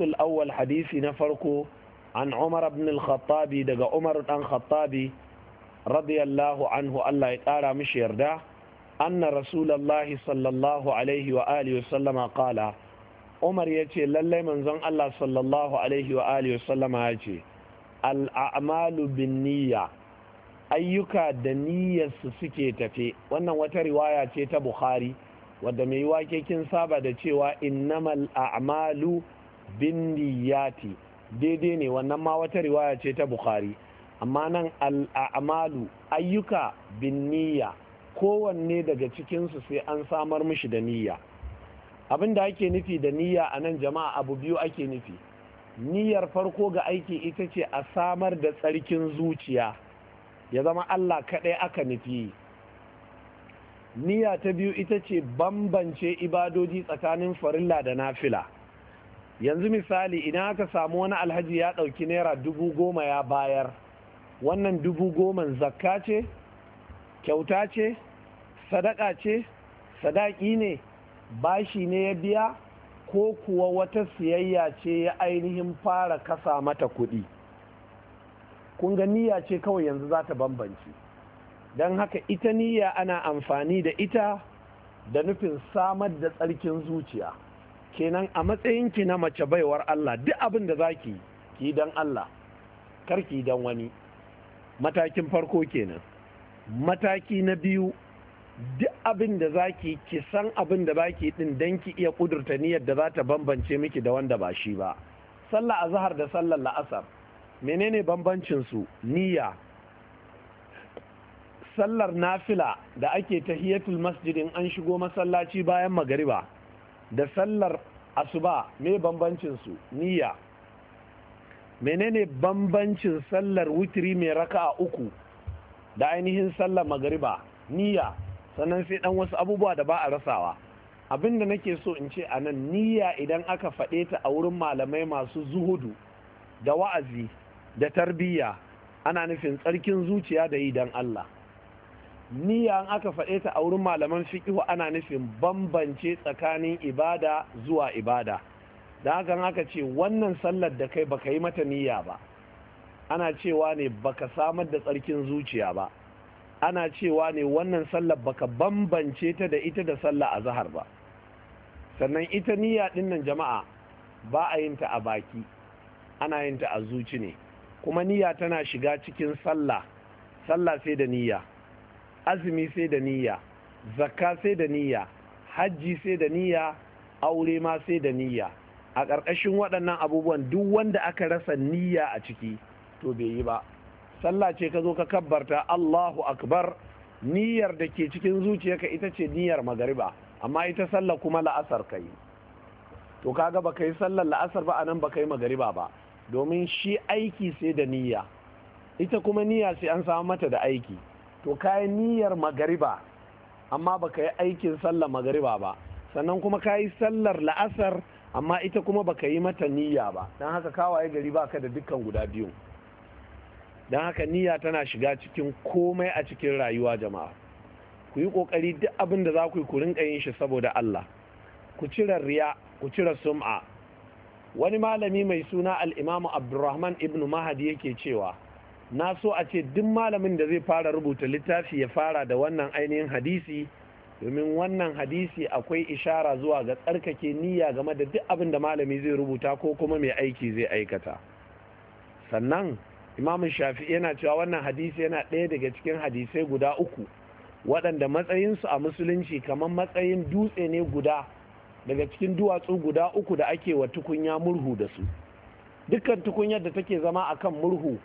الأول حديث نفرك عن عمر بن الخطاب دقى عمر بن الخطاب رضي الله عنه الله تعالى مش يردع أن رسول الله صلى الله عليه وآله وسلم قال عمر يتي للي من زن الله صلى الله عليه وآله وسلم يتي الأعمال بالنية ayyuka دنية niyyarsu suke وانا wannan wata riwaya ce ta bukhari wadda mai wake kin saba bin daidai ne wannan ma wata riwaya ce ta bukhari amma nan al'amalu ayyuka bin niyya kowanne daga cikinsu sai an samar mishi da niyya abin da ake nufi da niyya a nan jama'a abu biyu ake nufi niyyar farko ga aiki ita ce a samar da tsarkin zuciya ya zama allah kaɗai aka nufi niyya ta biyu ita ce bambance ibadoji tsakanin farilla da nafila yanzu misali idan aka samu wani alhaji ya ɗauki naira dubu goma ya bayar wannan dubu goma zakka ce kyauta ce sadaka ce sadaki ne bashi ne ya biya ko kuwa wata siyayya ce ya ainihin fara kasa mata kuɗi kun ga niyya ce kawai yanzu za ta bambanci don haka ita niyya ana amfani da ita da nufin samar da tsarkin zuciya kenan a matsayinki na mace baiwar Allah duk abin da za ki yi don Allah karki don wani matakin farko kenan mataki na biyu duk abin da za ki ki san abin da za ki din don ki iya kudurta niyyar da za ta bambance miki da wanda ba shi ba sallah azhar da sallar la'asar menene bambancin su niyya sallar nafila da ake ta tahiyatul masjidin an shigo masallaci bayan magariba da sallar asuba me bambancin su niyya menene bambancin sallar Wutiri mai raka'a uku da ainihin sallar magariba niyya sannan sai dan wasu abubuwa da ba a rasawa abinda nake so in ce a nan niyya idan aka faɗe ta a wurin malamai masu zuhudu da wa'azi da tarbiyya ana nufin tsarkin zuciya da yi don Allah niyya an aka faɗe ta a wurin malaman fiƙihu ana nufin bambance tsakanin ibada zuwa ibada da hakan aka ce wannan sallar da kai baka yi mata niyya ba ana cewa ne baka samar da tsarkin zuciya ba ana cewa ne wannan sallar baka bambance ta da ita da sallah a zahar ba sannan ita niyya ɗin nan jama'a ba a yin ta a baki ana yin ta a zuci ne kuma niyya tana shiga cikin sallah sallah sai da niyya azumi sai da niyya zakka sai da niyya hajji sai da niyya aure ma sai da niyya a ƙarƙashin waɗannan abubuwan duk wanda aka rasa niyya a ciki to bai yi ba sallah ce ka zo ka kabbarta Allahu akbar niyyar da ke cikin zuciyarka ita ce niyyar magariba amma ita sallah kuma la'asar ka yi to kaga baka yi sallar la'asar ba anan baka yi magariba ba domin shi aiki sai da niyya ita kuma niyya sai an samu mata da aiki to kayi niyyar magariba amma baka yi aikin sallar magariba ba sannan kuma kayi sallar la'asar amma ita kuma baka yi mata niyya ba don haka kawaye gari ba ka da dukkan guda biyu don haka niyya tana shiga cikin komai a cikin rayuwa jama'a ku yi kokari duk abin da za ku yi ku rinka yin shi saboda Allah ku cire riya ku cire sum'a wani malami mai suna Al'imamu Abdurrahman ibn Mahadi yake cewa na so a ce duk malamin da zai fara rubuta littafi ya fara da wannan ainihin hadisi domin wannan hadisi akwai ishara zuwa ga tsarkake niyya game da duk abin da malami zai rubuta ko kuma mai aiki zai aikata sannan imamun shafi yana cewa wannan hadisi yana ɗaya daga cikin hadisai guda uku waɗanda matsayinsu a musulunci kamar matsayin dutse ne guda daga cikin duwatsu guda uku da ake wa tukunya murhu da su dukkan tukunyar da take zama akan murhu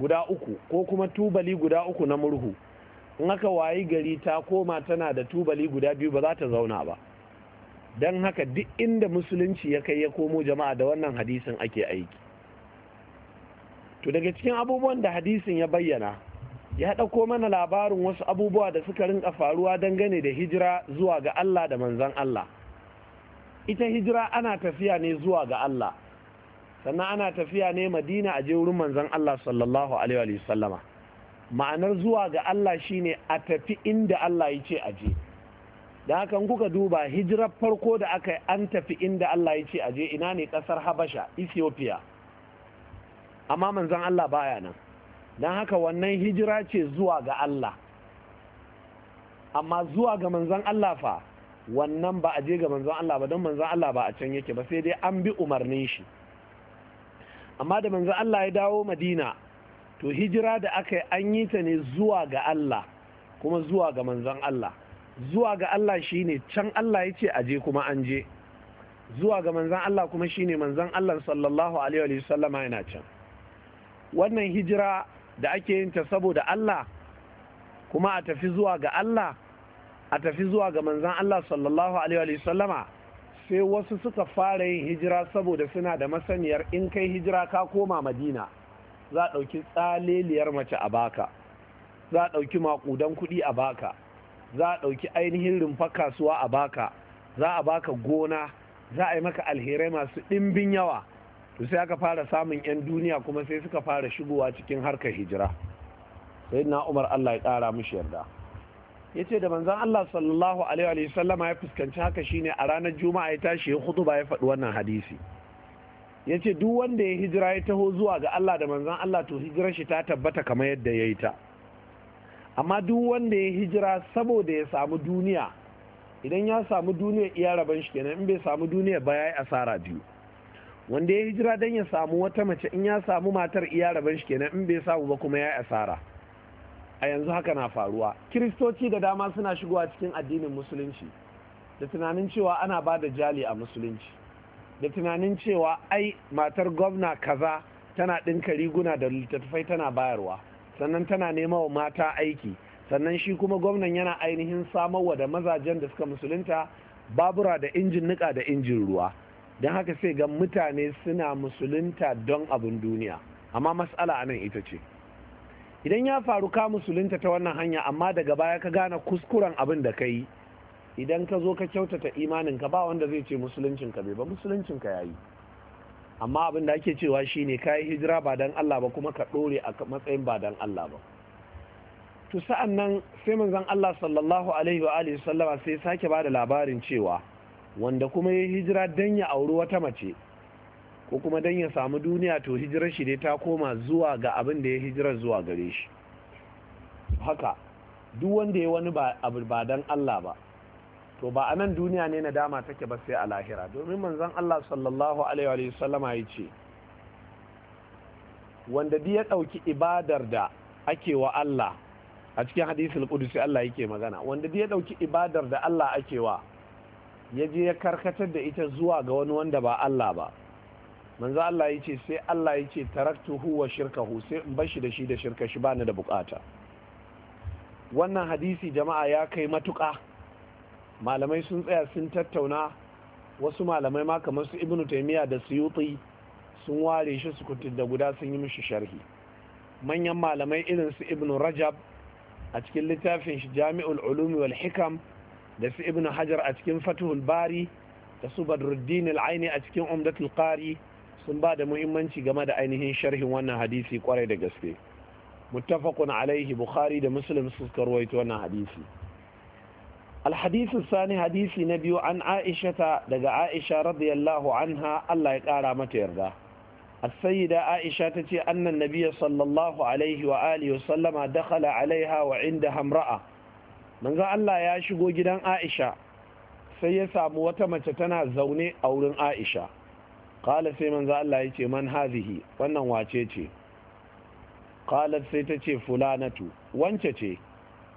guda uku ko kuma tubali guda uku na murhu in aka wayi gari ta koma tana da tubali guda biyu ba za ta zauna ba don haka duk inda musulunci ya kai ya komo jama'a da wannan hadisin ake aiki to daga cikin abubuwan da hadisin ya bayyana ya ɗauko mana labarin wasu abubuwa da suka rinka faruwa dangane da hijira zuwa ga Allah da manzan Allah ita hijira ana tafiya ne zuwa ga Allah sannan ana tafiya ne madina a je wurin manzon Allah sallallahu alaihi wa sallama ma'anar zuwa ga Allah shine a tafi inda Allah ya ce a je da haka kuka duba hijirar farko da aka yi an tafi inda Allah ya ce a je ina ne kasar Habasha Ethiopia amma manzon Allah baya nan don haka wannan hijira ce zuwa ga Allah amma zuwa ga manzon Allah fa wannan ba a je ga manzon Allah ba don manzon Allah ba a can yake ba sai dai an bi umarnin shi amma da manzo Allah ya dawo madina to hijira da aka yi an yi ta ne zuwa ga Allah kuma zuwa ga manzon Allah zuwa ga Allah shine can Allah ya ce aje kuma an je zuwa ga manzon Allah kuma shine manzon Allah sallallahu alaihi wa sallama yana can wannan hijira da ake yin ta saboda Allah kuma a tafi zuwa ga Allah a tafi zuwa ga manzon Allah sallallahu alaihi wa sallama sai wasu suka fara yin hijira saboda suna da masaniyar in kai hijira ka koma madina za a ɗauki tsaleliyar mace a baka za a ɗauki maƙudan kuɗi a baka za a ɗauki ainihin rumfa kasuwa a baka za a baka gona za a yi maka alherai masu ɗimbin yawa to sai aka fara samun 'yan duniya kuma sai suka fara shigowa cikin harkar hijira sai na umar allah ya ƙara mishi yarda ya ce da manzan Allah sallallahu alaihi wasallama ya fuskanci haka shi ne a ranar juma'a ya tashi ya hudu ba ya faɗi wannan hadisi ya ce duk wanda ya hijira ya taho zuwa ga Allah da manzan Allah to hijirar shi ta tabbata kamar yadda ya yi ta amma duk wanda ya hijira saboda ya samu duniya idan ya samu duniya iya raban shi kenan in bai samu duniya ba ya yi asara biyu wanda ya hijira don ya samu wata mace in ya samu matar iya raban shi kenan in bai samu ba kuma ya yi asara a yanzu haka na faruwa kiristoci da dama suna shigowa cikin addinin musulunci da tunanin cewa ana ba da jali a musulunci da tunanin cewa ai matar gwamna kaza tana ɗinka riguna da littattafai tana bayarwa sannan tana nema wa mata aiki sannan shi kuma gwamnan yana ainihin samarwa da mazajen da suka musulunta babura da injin nika da injin ruwa don haka sai ga mutane suna musulunta don abin duniya amma matsala anan ita ce idan ya faru ka musulunta ta wannan hanya amma daga baya ka gane kuskuren abin da ka yi idan ka zo ka kyautata imanin ka ba wanda zai ce musuluncinka bai ba musuluncinka ya yi amma abin da ake cewa shine ka yi hijira ba dan Allah ba kuma ka dore a matsayin ba don Allah ba to sa'an nan sai manzon Allah sallallahu alaihi wa alihi sallama sai sake bada labarin cewa wanda kuma ya hijira dan ya auri wata mace ko kuma don ya samu duniya to hijirar shi dai ta koma zuwa ga abin da ya hijirar zuwa gare shi haka duk wanda ya wani abu ba don Allah ba to ba a nan duniya ne na dama take ba sai a lahira domin manzon Allah sallallahu alaihi wa ya ce wanda bi ya ɗauki ibadar da ake wa Allah a cikin hadisul qudusi Allah yake magana wanda bi ya ɗauki ibadar da Allah ake wa ya je ya karkatar da ita zuwa ga wani wanda ba Allah ba manzo Allah ya ce sai Allah ya ce taraktuhu wa shirkahu sai in shi da shi da shirka shi bani da bukata wannan hadisi jama'a ya kai matuƙa malamai sun tsaya sun tattauna wasu malamai ma kamar su ibnu taimiyya da suyuti sun ware shi su da guda sun yi mishi sharhi manyan malamai irin su ibnu rajab a cikin littafin shi jami'ul ulumi wal hikam da su ibnu hajar a cikin fatuhul bari da su badruddin al-aini a cikin umdatul qari sun ba da muhimmanci game da ainihin sharhin wannan hadisi kwarai da gaske muttafaqun alaihi bukhari da muslim su karwaito wannan hadisi al sani hadisi na biyu an aisha ta daga aisha radiyallahu anha Allah ya kara mata yarda as-sayyida aisha ce annan nabiyyi sallallahu alaihi wa alihi sallama dakala alaiha wa inda hamra'a mun ga Allah ya shigo gidan aisha sai ya samu wata mace tana zaune a wurin aisha kala sai manzo Allah ya ce man hazihi wannan wace ce ƙalar sai ta ce fulanatu wance ce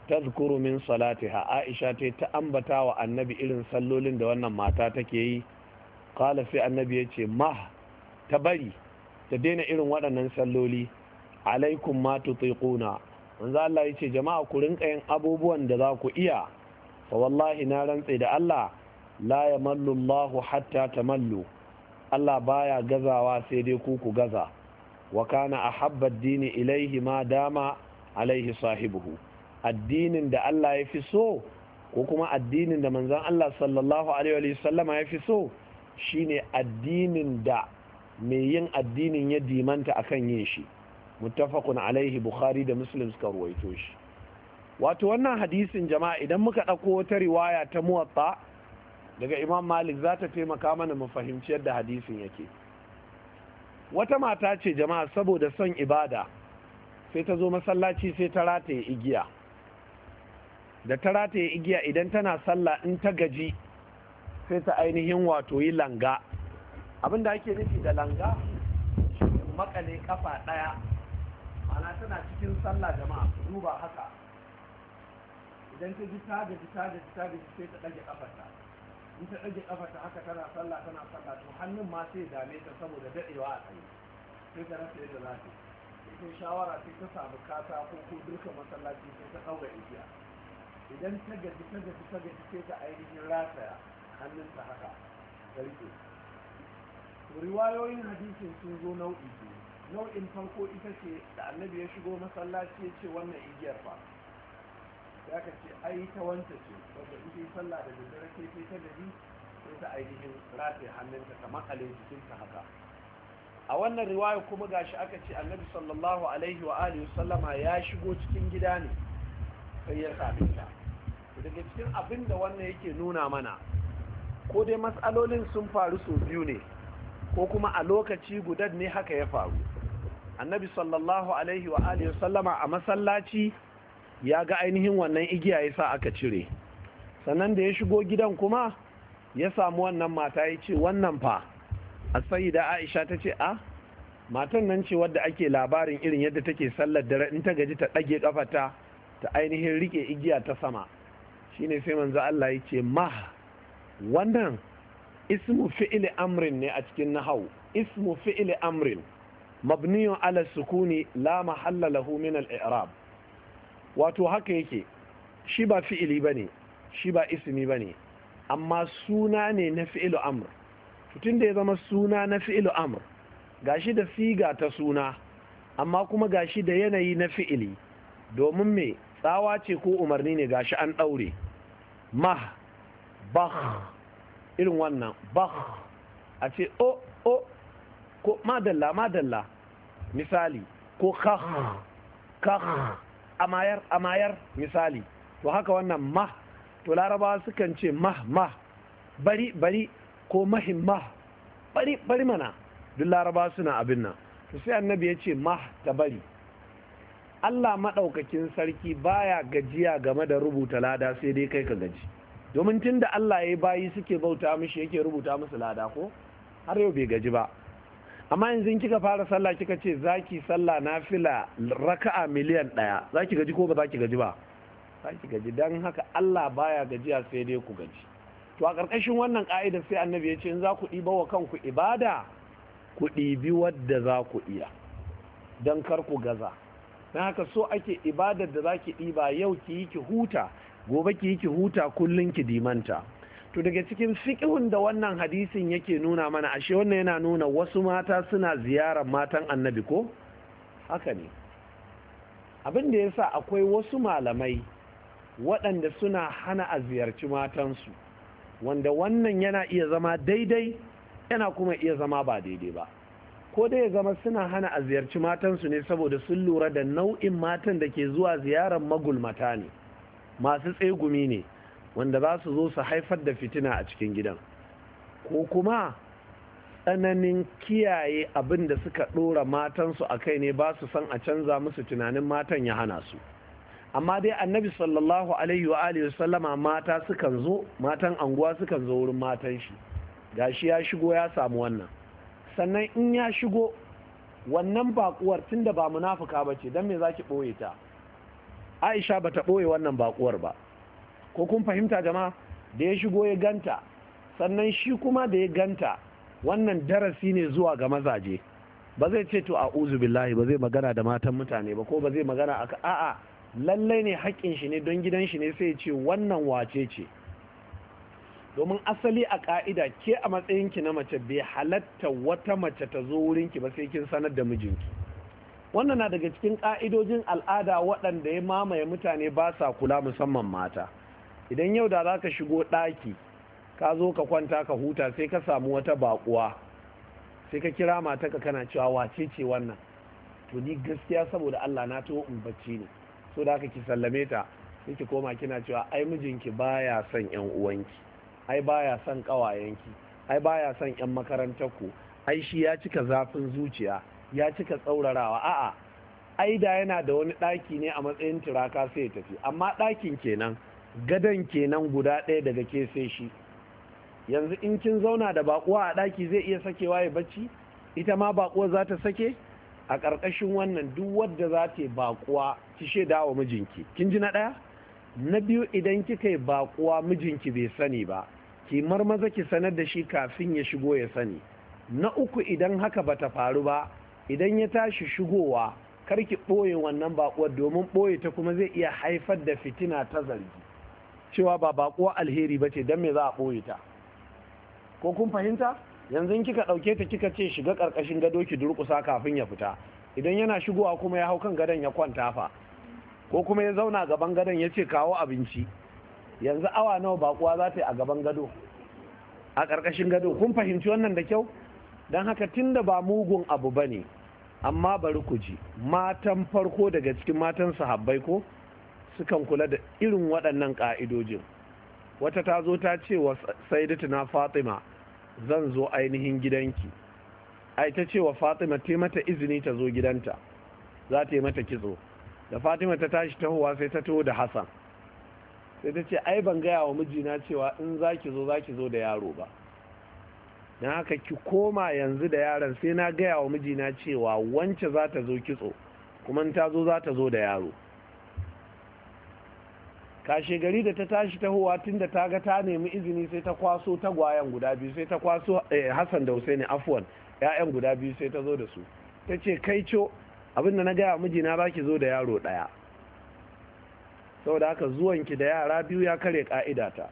ta zukuru min salatiha aisha ta ta ambata wa annabi irin sallolin da wannan mata take yi ƙalar sai annabi ya ce ma ta bari ta daina irin waɗannan salloli alaikum ma tutiquna manzo Allah ya ce jama'a ku rinka yin abubuwan da za ku iya fa wallahi na rantse da Allah la yamallu Allahu hatta tamallu Allah baya gazawa sai dai ku ku gaza wa kana ahabba dini ilaihi ma dama alaihi sahibuhu addinin da Allah ya fi so ko kuma addinin da manzon Allah sallallahu alaihi wa sallama ya fi so shine addinin da mai yin addinin ya dimanta akan yin shi muttafaqun alaihi bukhari da muslim suka ruwaito shi wato wannan hadisin jama'a idan muka ɗauko ta riwaya ta muwatta daga imam malik za ta taimaka mana mu fahimci yadda hadisin yake wata mata ce jama'a saboda son ibada sai ta zo masallaci sai ta rataye igiya da ta rataye igiya idan tana sallah in ta gaji sai ta ainihin wato yi langa abinda ake nufi da langa makale kafa daya mana tana cikin sallah jama'a duba haka idan ta ji ta ji ta gaji ta gaji sai ta ɗage kafarta in ta ɗage ƙafa ta haka tana sallah tana sallah to hannun ma sai dame ta saboda daɗewa a tsaye sai ta rasa yadda za ta ita shawara sai ta samu kasa ko ko duka masallaci sai ta ɗaura igiya idan ta gaji ta gaji ta gaji sai ta ainihin rataya hannunta haka ta to riwayoyin hadisin sun zo nau'i biyu nau'in farko ita ce da annabi ya shigo masallaci ya ce wannan igiyar fa ya ka ce ai ta wanta ce wanda ita yi sallah da daddare sai sai ta gari sai ta ainihin rataye hannunta ta makale jikinta haka a wannan riwaya kuma gashi aka ce annabi sallallahu alaihi wa alihi sallama ya shigo cikin gida ne sai ya same ta daga cikin abin da wannan yake nuna mana ko dai matsalolin sun faru sau biyu ne ko kuma a lokaci gudan ne haka ya faru annabi sallallahu alaihi wa alihi sallama a masallaci ya ga ainihin wannan igiya ya sa aka cire sannan da ya shigo gidan kuma ya samu wannan mata ya ce wannan fa a da aisha ta ce a ah, matan nan ce wadda ake labarin irin yadda take sallar dare in ta gaji ta ɗage kafata ta ainihin rike igiya ta sama shine sai manzo Allah ya ce ma wannan ismu fi'ili amrin ne a cikin nahau ismu fi'ili amrin mabniyun ala sukuni la mahalla lahu min al-i'rab wato haka yake shi ba fi'ili ba ne shi ba ismi ba ne amma suna ne na fi'ilu amur. tutun da ya zama suna na fi'ilu ga gashi da siga ta suna amma kuma gashi da yanayi na fi'ili domin mai tsawa ce ko umarni ne gashi an ɗaure mah bah irin wannan bah a ce o o ko madalla madalla misali ko kah kah amayar amayar misali to haka wannan ma to larabawa sukan ce mah mah bari bari ko mahimma bari bari mana duk larabawa suna abin nan to sai annabi ya ce mah ta bari Allah maɗaukakin sarki baya gajiya game da rubuta lada sai dai kai ka gaji domin tun da Allah ya bayi suke bauta mishi yake rubuta musu lada ko har yau bai gaji ba amma yanzu in kika fara sallah kika ce zaki sallah nafila raka'a miliyan ɗaya zaki gaji ko ba zaki gaji ba zaki gaji dan haka Allah baya gajiya sai dai ku gaji to a ƙarƙashin wannan ƙa'ida sai annabi ya ce in za ku ɗiba wa kanku ibada ku ɗibi wadda za ku iya don kar ku gaza na haka so ake ibadar da za ki ɗiba yau ki yi ki huta gobe ki yi ki huta kullum ki dimanta to daga cikin fiƙihun da wannan hadisin yake nuna mana ashe wannan yana nuna wasu mata suna ziyarar matan annabi ko haka ne abin da ya sa akwai wasu malamai waɗanda suna hana a ziyarci matansu wanda wannan yana iya zama daidai yana kuma iya zama ba daidai ba ko dai ya zama suna hana a ziyarci matansu ne saboda sun lura da nau'in matan da ke zuwa ziyarar magulmata ne masu tsegumi ne wanda za su zo su haifar da fitina a cikin gidan ko kuma tsananin kiyaye abin da suka ɗora matansu a kai ne ba su san a canza musu tunanin matan ya hana su amma dai annabi sallallahu alaihi wa alihi sallama mata sukan zo matan anguwa sukan zo wurin matan shi gashi ya shigo ya samu wannan sannan in ya shigo wannan bakuwar tunda ba munafuka bace dan me zaki boye ta Aisha bata boye wannan bakuwar ba ko kun fahimta jama'a da ya shigo ya ganta sannan shi kuma da ya ganta wannan darasi ne zuwa ga mazaje ba zai ce to uzu billahi ba zai magana da matan mutane ba ko ba zai magana a a'a lallai ne haƙƙin shi ne don gidan shi ne sai ce wannan wace ce domin asali a ka'ida ke a matsayinki na mace bai halatta wata mace ta zo wurinki ba sai kin sanar da mijinki wannan na daga cikin ka'idojin al'ada waɗanda ya mamaye mutane ba sa kula musamman mata idan yau da za ka shigo ɗaki ka zo ka kwanta ka huta sai ka samu wata baƙuwa sai ka kira mata ka kana cewa wace ce wannan to ni gaskiya saboda Allah na to in bacci ne so da aka ki sallame ta sai ki koma kina cewa ai mijinki baya son yan uwanki ai baya son kawayenki ai baya son yan makarantarku ai shi ya cika zafin zuciya ya cika tsaurarawa a'a ai da yana da wani ɗaki ne a matsayin turaka sai ya tafi amma ɗakin kenan gadon kenan guda ɗaya daga ke sai shi yanzu in kin zauna da baƙuwa a ɗaki zai iya sakewa ya bacci ita ma bakuwa za ta sake a ƙarƙashin wannan duk wadda za ta yi bakuwa ki shaida wa mijinki kin ji na ɗaya na biyu idan kika yi bakuwa mijinki bai sani ba ki marmaza ki sanar da shi kafin ya shigo ya sani na uku idan haka ba ta faru ba idan ya tashi shigowa kar ki ɓoye wannan baƙuwar domin ɓoye ta kuma zai iya haifar da fitina ta zargi cewa ba bakuwa alheri ba ce don me za a ɓoye ta ko kun fahimta yanzu kika ɗauke ta kika ce shiga ƙarƙashin gado ki durƙusa kafin ya fita idan yana shigowa kuma ya hau kan gadon ya kwanta fa ko kuma ya zauna gaban gadon ya ce kawo abinci yanzu awa nawa bakuwa za ta yi a gaban gado a ƙarƙashin gado kun fahimci wannan da kyau don haka tun da ba mugun abu ba ne amma bari ku ji matan farko daga cikin matan sahabbai ko sukan kula da irin waɗannan ƙa'idojin wata ta zo ta ce wa na fatima zan zo ainihin gidanki ai ta ce wa fatima ta mata izini ta zo gidanta za ta yi mata kitso da fatima ta tashi tahowa sai ta taho da hassan sai ta ce ai ban gaya wa mijina cewa in za ki zo za ki zo da yaro ba na haka ki koma yanzu da yaron sai na gaya wa mijina cewa wance za ta zo kitso kuma in ta zo za ta zo da yaro kashe gari da ta tashi tahowa tun da ta ga ta nemi izini sai ta kwaso tagwayen guda biyu sai ta kwaso eh, hassan da husaini afwan ya'yan guda biyu sai ta zo da su ta ce kai co abinda na gaya mijina za ki zo da yaro ɗaya saboda haka ki da yara biyu ya kare ka'ida ta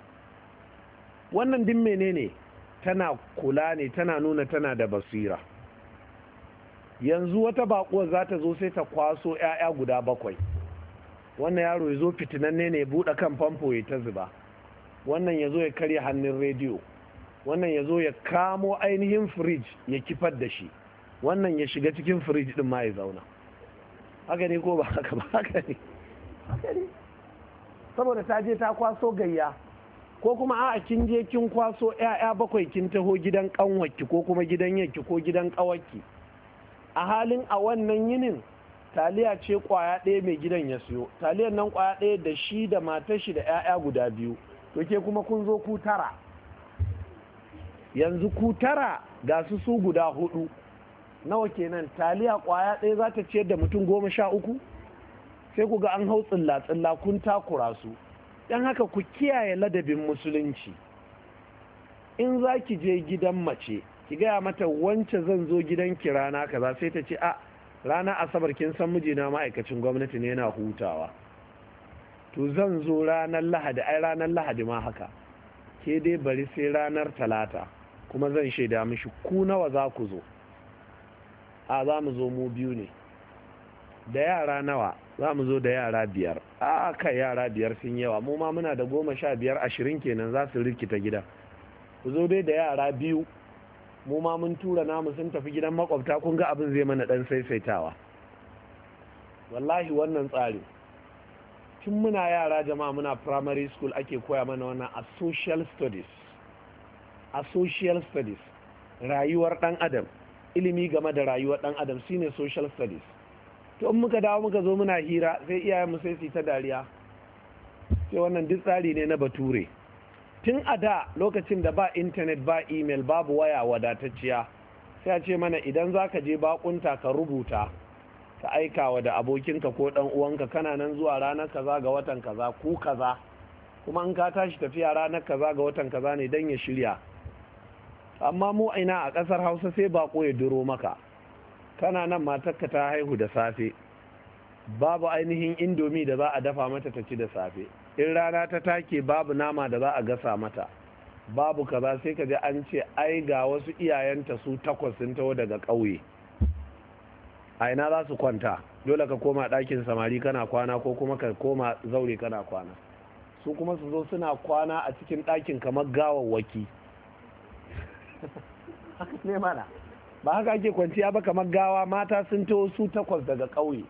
wannan din menene tana kula ne tana nuna tana da basira yanzu wata bakuwar za ta zo sai ta kwaso 'ya'ya guda bakwai wannan yaro ya zo fitinanne ne ya buɗe kan famfo ya ta zuba wannan ya zo ya karya hannun rediyo wannan ya zo ya kamo ainihin firij ya kifar da shi wannan ya shiga cikin firij din ma ya zauna haka ne ko ba haka ba haka ne saboda ta je ta kwaso gayya ko kuma a kin je kin kwaso 'ya'ya bakwai kin taho gidan kanwarki ko kuma gidan yanki ko gidan kawarki a halin a wannan yinin taliya ce kwaya ɗaya mai gidan ya siyo taliyan nan kwaya ɗaya da shi da matar shi da 'ya'ya guda biyu to ke kuma kun zo ku tara yanzu ku tara ga su su guda hudu nawa kenan taliya kwaya ɗaya za ta ciyar da mutum goma sha uku sai ku ga an hau tsilla-tsilla kun takura su don haka ku kiyaye ladabin musulunci in za ki je gidan mace ki gaya mata wance zan zo gidan kirana kaza sai ta ce a ranar asabar kin san mijina ma'aikacin gwamnati ne yana hutawa to zan zo ranar lahadi ai ranar lahadi ma haka ke dai bari sai ranar talata kuma zan shaida mishi ku nawa za ku zo a za mu zo mu biyu ne da yara nawa za mu zo da yara biyar a kai yara biyar sun yawa mu ma muna da goma sha biyar ashirin kenan za su rikita gida ku zo dai da yara biyu mu ma mun tura namu sun tafi gidan makwabta kun ga abin zai mana dan saisaitawa wallahi wannan tsari tun muna yara jama'a muna primary school ake koya mana wannan a social studies a social studies rayuwar dan adam ilimi game da rayuwar dan adam shine social studies to in muka dawo muka zo muna hira sai iyayen mu sai su ta dariya sai wannan duk tsari ne na bature tun a da lokacin da ba intanet ba email babu waya wadatacciya sai a ce mana idan za ka je bakunta ka rubuta ka aikawa da abokinka ko dan uwanka kana nan zuwa ranar kaza ga watan kaza ku kaza kuma in ka tashi tafiya ranar kaza ga watan kaza ne dan ya shirya amma mu aina a kasar hausa sai bako ya duro maka kana nan matarka ta haihu da safe babu ainihin indomi da za a dafa mata ta ci da safe in rana ta take babu nama da za a gasa mata babu kaza sai ka ji an ce ai ga wasu iyayenta su takwas sun taho daga ƙauye a ina za su kwanta dole ka koma ɗakin samari kana kwana ko kuma ka koma zaure kana kwana su kuma su zo suna kwana a cikin ɗakin kamar gawawwaki haka ne mana ba haka ake kwanciya ba kamar gawa mata sun taho su takwas daga ƙauye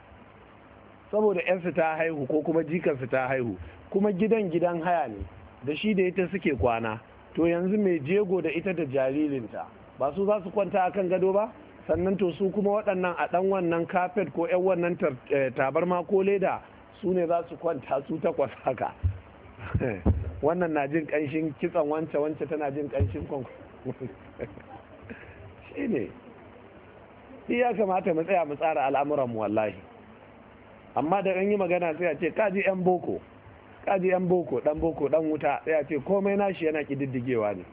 saboda 'yan ta haihu ko kuma jikan ta haihu kuma gidan gidan haya ne da shi da ita suke kwana to yanzu mai jego da ita da jaririnta ba su za su kwanta akan gado ba sannan to su kuma waɗannan a ɗan wannan kafet ko 'yan wannan eh, tabarma ko leda su ne za su kwanta su takwas haka wannan na jin ƙanshin kitsan wance wance tana jin ƙanshin shi ne ya kamata mu tsaya mu tsara al'amuranmu wallahi amma da an yi magana sai a ce kaji yan boko kaji yan boko dan boko dan wuta sai a ce komai nashi yana kididdigewa ne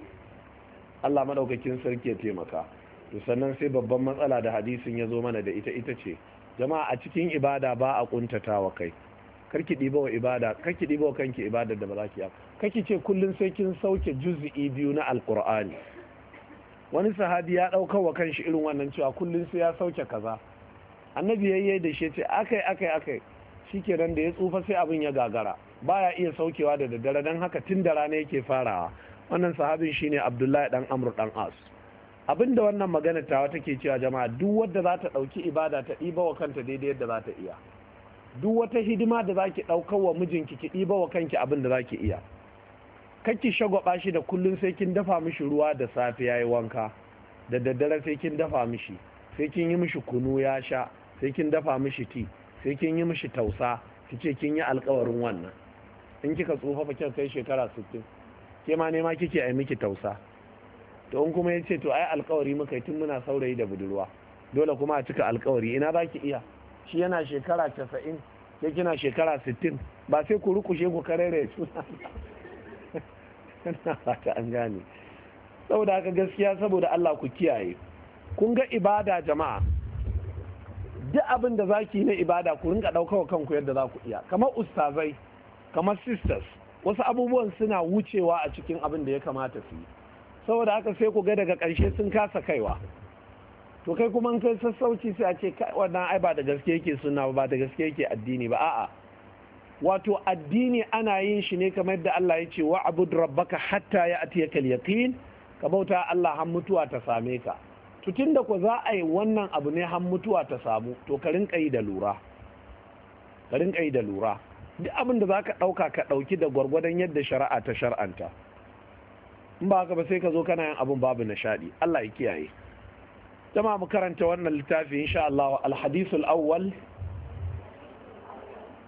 Allah madaukakin sarki ya taimaka to sannan sai babban matsala da hadisin ya zo mana da ita ita ce jama'a a cikin ibada ba a kuntatawa kai karki diba wa ibada karki ɗiba wa kanki ibada da ba za ki kaki ce kullun sai kin sauke juz'i biyu na alqur'ani wani sahabi ya ɗaukar wa kanshi irin wannan cewa kullun sai ya sauke kaza annabi yi da shi ce akai akai akai shikenan da ya tsufa sai abin ya gagara baya iya saukewa da daddare don haka tun da rana yake farawa wannan sahabin shine Abdullahi dan amur dan As abinda wannan magana tawa take cewa jama'a duk wadda za ta dauki ibada ta ɗiba wa kanta daidai yadda za ta iya duk wata hidima da zaki ɗaukar wa mijinki ki ɗiba wa kanki abin da zaki iya ki shagwaba shi da kullum sai kin dafa mishi ruwa da safe ya yi wanka da daddare sai kin dafa mishi sai kin yi mishi kunu ya sha sai kin dafa mishi ti sai kin yi mishi tausa ki ce kin yi alkawarin wannan in kika tsufa fa kika kai shekara 60 ke ma ne ma kike ai miki tausa to in kuma yace to ai alkawari muka yi tun muna saurayi da budurwa dole kuma a cika alkawari ina za ki iya shi yana shekara 90 ke kina shekara 60 ba sai ku rukushe ku karere suna ina an gane saboda haka gaskiya saboda Allah ku kiyaye kun ga ibada jama'a duk abin da za ki na ibada ku rinka ɗaukawa kanku yadda za ku iya kamar ustazai kamar sisters wasu abubuwan suna wucewa a cikin abin da ya kamata su yi saboda haka sai ku ga daga ƙarshe sun kasa kaiwa to kai kuma kai sassauci sai a ce wannan ai ba da gaske yake suna ba da gaske yake addini ba a'a wato addini ana yin shi ne kamar yadda Allah ya ce wa wa'bud rabbaka hatta ya'tiyakal yaqin ka bauta Allah har mutuwa ta same ka tutun da ku za a yi wannan abu ne har mutuwa ta samu to ka rinka yi da lura ka duk abin da za ka ɗauka ka ɗauki da gwargwadon yadda shari'a ta shari'anta. in ba haka ba sai ka zo kana yin abin babu nishaɗi Allah ya kiyaye jama mu karanta wannan littafi insha Allah al-hadithul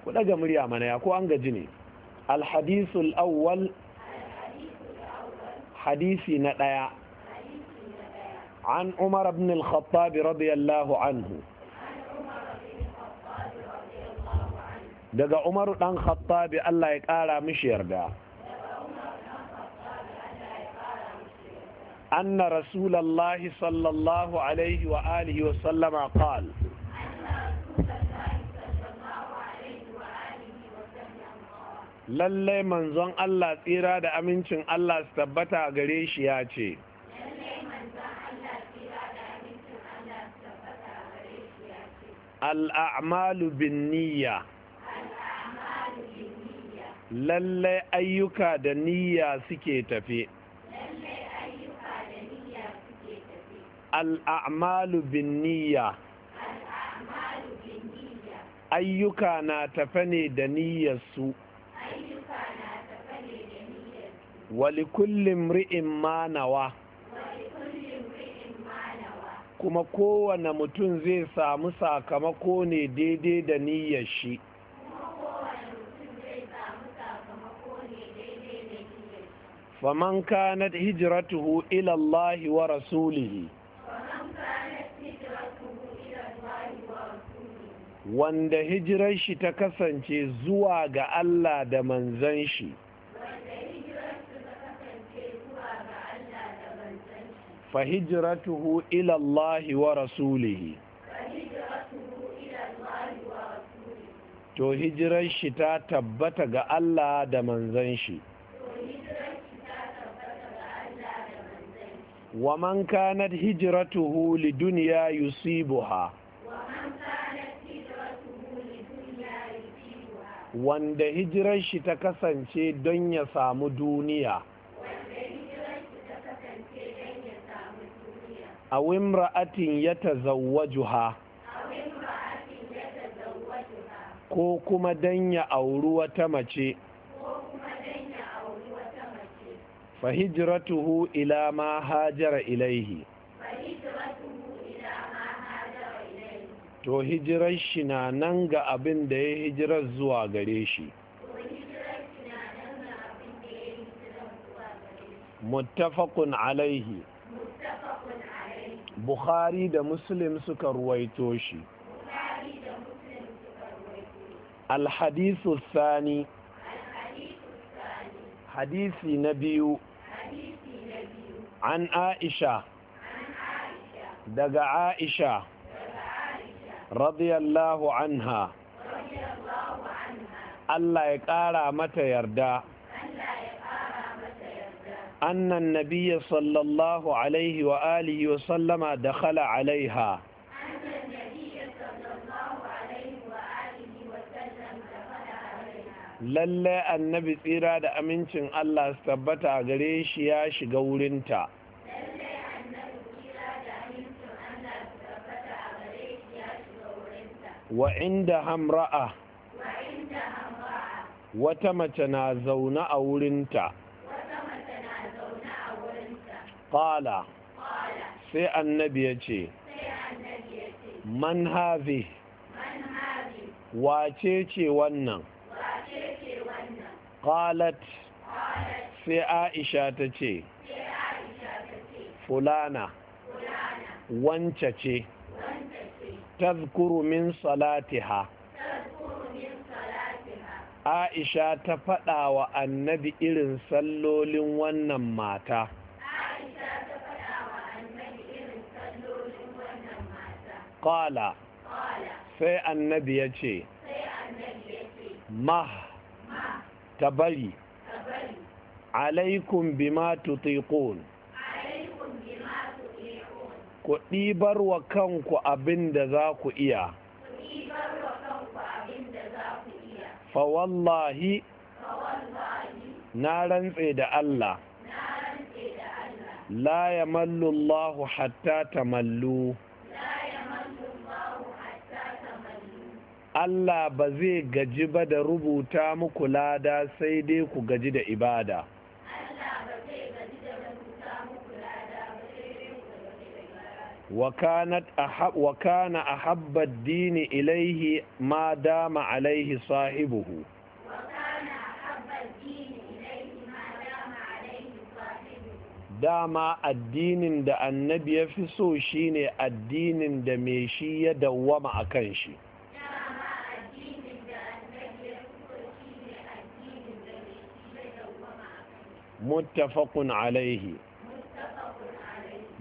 ku daga murya mana ya ko an gaji ne al-hadithul hadisi na ɗaya عن عمر بن الخطاب رضي الله عنه daga umaru dan khattabi Allah ya kara mishi yarda anna rasulallahi sallallahu alaihi wa alihi wa sallama qal lallai manzon Allah tsira da amincin Allah su tabbata gare shi ya ce al'amalu bin niyya lallai ayyuka da niyya suke tafe al'amalu bin niyya ayyuka na tafe ne da niyyarsu wali kullum ri'in ma nawa kuma kowane mutum zai samu sakamako ne daidai da niyyar shi faman kanat hijratuhu ila wa rasulihi wanda hijirar shi ta kasance zuwa ga Allah da manzan shi fahijiratuhu ilallahi wa rasulihi To hijirashi ta tabbata ga Allah da manzanshi. ta tabbata ga Allah da manzanshi. Wa man kanat hijiratu huli Wa man kanat hijiratu huli duniya Wanda hijirar shi ta kasance don ya samu duniya. a wimra'atin ya tazawwajuha ko kuma dan ya auri wata mace fa hijratuhu ila ma hajara ilaihi to hijirar shi na nan ga abin da ya hijirar zuwa gare shi muttafaqun alaihi bukhari da muslim suka ruwaito shi alhadisu sani hadisi na biyu an aisha daga aisha radiyallahu anha Allah ya ƙara mata yarda أن النبي صلى الله عليه وآله وسلم دخل عليها lalle annabi tsira da amincin Allah su tabbata gare shi ya shiga wurinta wa inda hamra'a wata mace na zaune a wurinta qala sai annabi ya ce man hazi wace ce wannan qalat sai aisha ta ce fulana wance ce tazkuru min salatiha aisha ta faɗa wa annabi irin sallolin wannan mata ƙala sai annabi ya ce mah ta bari alaikum bima tutiqun ku ɗibar wa kanku abin da za ku iya fa wallahi na rantse da Allah la yamallu Allahu hatta tamallu mallu Allah ba zai gaji ba da rubuta muku lada sai dai ku gaji da ibada wa kana a habbar dini ilaihi ma dama alaihi sahibuhu dama addinin da annabi ya fi so shine addinin da mai shi ya dawwama a kan shi muttafaqun alaihi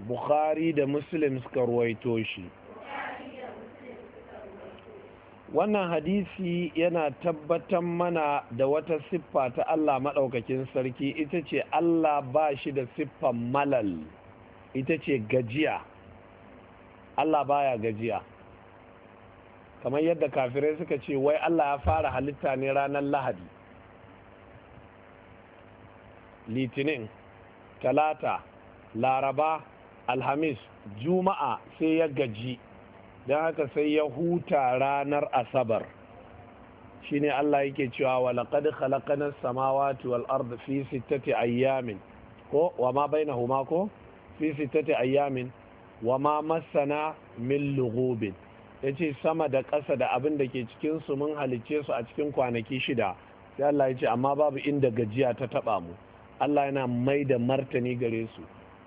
bukhari da muslim suka ruwaito shi wannan hadisi yana tabbatar mana da wata siffa ta Allah maɗaukakin sarki ita ce Allah ba shi da siffan malal ita ce gajiya Allah baya gajiya kamar yadda kafirai suka ce wai Allah ya fara halitta ne ranar lahadi litinin talata laraba alhamis juma'a sai ya gaji don haka sai ya huta ranar asabar Shi ne Allah yake cewa walaqad khalaqana samawati wal arda fi sittati ayyamin ko wa ma bainahuma ko fi sittati ayyamin wa ma masana min lughubin yace sama da ƙasa da abin da ke cikinsu mun halicce su a cikin kwanaki shida sai Allah ya ce amma babu inda gajiya ta taɓa mu Allah yana mai da martani gare su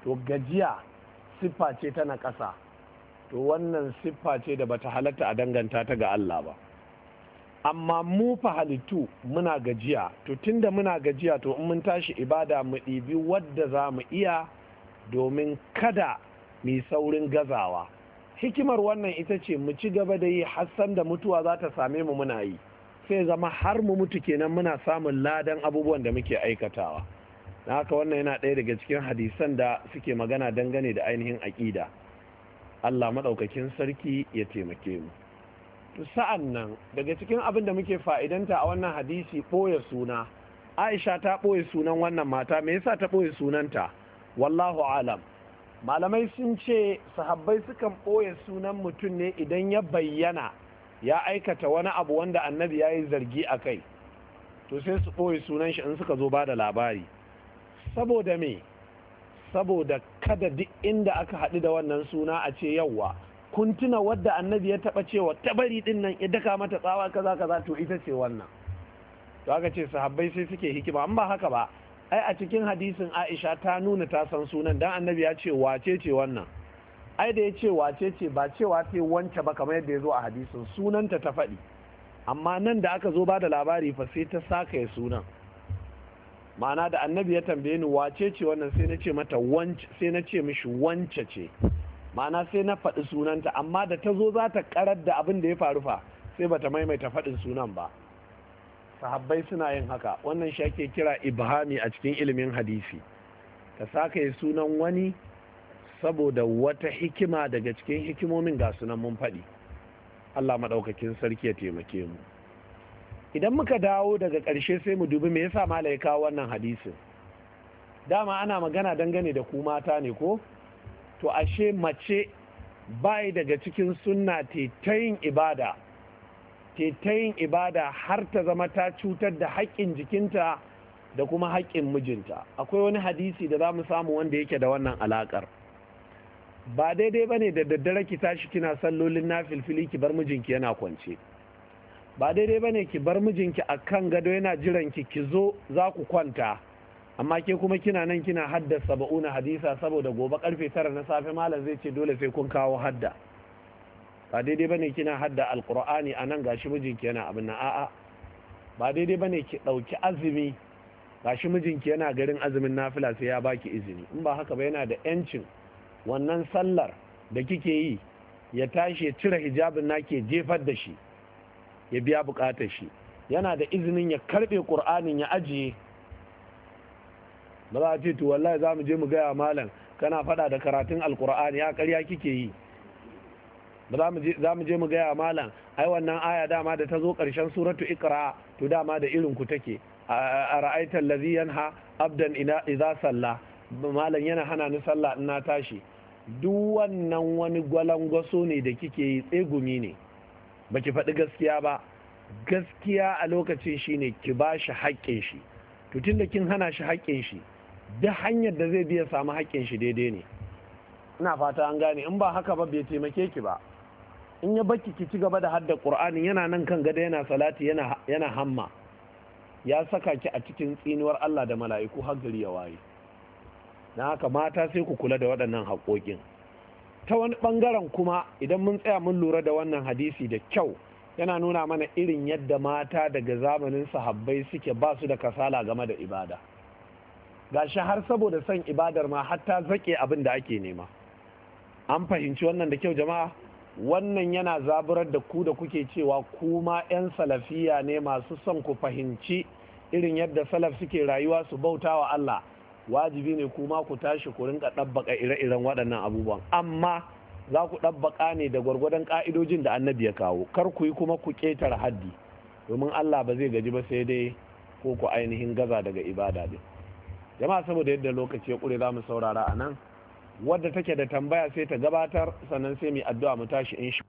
to gajiya siffa ce ta naƙasa to wannan siffa ce da bata halatta a danganta ta ga Allah ba amma mu fa halittu muna gajiya to tunda muna gajiya to in mun tashi ibada mu ɗibi wadda za mu iya domin kada mu saurin gazawa hikimar wannan ita ce mu ci gaba da yi hassan da mutuwa za ta same mu muna yi sai zama har mu mutu kenan muna samun ladan abubuwan da muke aikatawa na haka wannan yana ɗaya daga cikin hadisan da suke magana dangane da ainihin aƙida allah maɗaukakin sarki ya taimake mu sa'an nan daga cikin abin da muke fa'idanta a wannan hadisi ɓoye suna aisha ta ɓoye sunan wannan mata me yasa ta ɓoye sunanta wallahu alam malamai sun ce sahabbai sukan ɓoye sunan mutum ne idan ya bayyana ya aikata wani abu wanda annabi ya yi zargi a kai to sai su ɓoye sunan shi in suka zo ba da labari saboda me saboda kada duk inda aka haɗu da wannan suna a ce yawwa kun tuna wadda annabi ya taɓa cewa tabari ɗin nan ya daka mata tsawa kaza kaza to ita ce wannan to aka ce sahabbai sai suke hikima an ba haka ba ai a cikin hadisin Aisha ta nuna ta san sunan dan annabi ya ce wace ce wannan ai da ya ce wace ce ba cewa ce wance ba kamar yadda ya zo a hadisin sunanta ta faɗi amma nan da aka zo ba da labari fa sai ta saka ya sunan ma'ana da annabi ya tambaye ni wace ce wannan sai na ce mata wance sai na ce mishi wance ce ma'ana sai na faɗi sunanta amma da ta zo za ta karar da abin da ya faru fa sai bata maimaita faɗin sunan ba sahabbai suna yin haka wannan shi ake kira ibhami a cikin ilimin hadisi ka saka yi sunan wani saboda wata hikima daga cikin hikimomin ga sunan mun faɗi Allah maɗaukakin sarki ya taimake mu idan muka dawo daga ƙarshe sai mu dubi me yasa mala ya kawo wannan hadisin dama ana magana dangane da ku mata ne ko to ashe mace bai daga cikin sunna tetayin ibada tetayin ibada har ta zama ta cutar da haƙƙin jikinta da kuma haƙƙin mijinta akwai wani hadisi da za mu samu wanda yake da wannan alaƙar ba daidai ba ne da daddare ki tashi kina sallolin na filfili ki bar mijinki yana kwance ba daidai bane ki bar mijinki a kan gado yana jiran ki ki zo za ku kwanta amma ke kuma kina nan kina haddasa saba'una hadisa saboda gobe karfe tara na safe malam zai ce dole sai kun kawo hadda ba daidai bane kina hadda alkur'ani a nan gashi mijinki yana abin na a'a ba daidai bane ki ɗauki azumi gashi mijinki yana garin azumin nafila sai ya baki izini in ba haka ba yana da yancin wannan sallar da kike yi ya tashi ya cire hijabin na ke jefar da shi ya biya bukatar shi yana da izinin ya karbe ƙur'anin ya ajiye ba za a ce to wallahi za mu je mu gaya malam kana fada da karatun alkur'ani ya karya kike yi ba za mu je mu gaya malam ai wannan aya dama da ta zo karshen suratu ikra to dama da irin ku take a ra'aita allazi yanha abdan idza salla malam yana hana ni sallah in na tashi duk wannan wani gwalangwaso ne da kike yi tsegumi ne Ba ki faɗi gaskiya ba gaskiya a lokacin shine ki ba shi haƙƙin shi to tunda kin hana shi haƙƙin shi duk hanyar da zai biya samu haƙƙin shi daidai ne ina fata an gane in ba haka ba bai taimake ki ba in ya baki ki ci gaba da hadda qur'ani yana nan kan gada yana salati yana hamma ya saka ki a cikin tsinuwar Allah da mala'iku har gari ya waye dan haka mata sai ku kula da waɗannan haƙoƙin ta wani bangaren kuma idan mun tsaya mun lura da wannan hadisi da kyau yana nuna mana irin yadda mata daga zamanin sahabbai suke ba su da kasala game da ibada Ga shi har saboda son ibadar ma hatta zake abin da ake nema an fahimci wannan da kyau jama'a wannan yana zaburar da ku da kuke cewa kuma 'yan salafiya ne masu son ku fahimci irin yadda salaf suke rayuwa su bauta wa Allah wajibi ne kuma ku tashi ku rinka ɗabbaka ire-iren waɗannan abubuwan amma za ku ɗabbaka ne da gwargwadon ƙa'idojin da annabi ya kawo kar ku yi kuma ku ƙetare haddi domin allah ba zai gaji ba sai dai ko ku ainihin gaza daga ibada ɗin jama'a saboda yadda lokaci ya ƙure za mu saurara a nan wadda take da tambaya sai ta gabatar sannan sai mu addu'a mu tashi in shi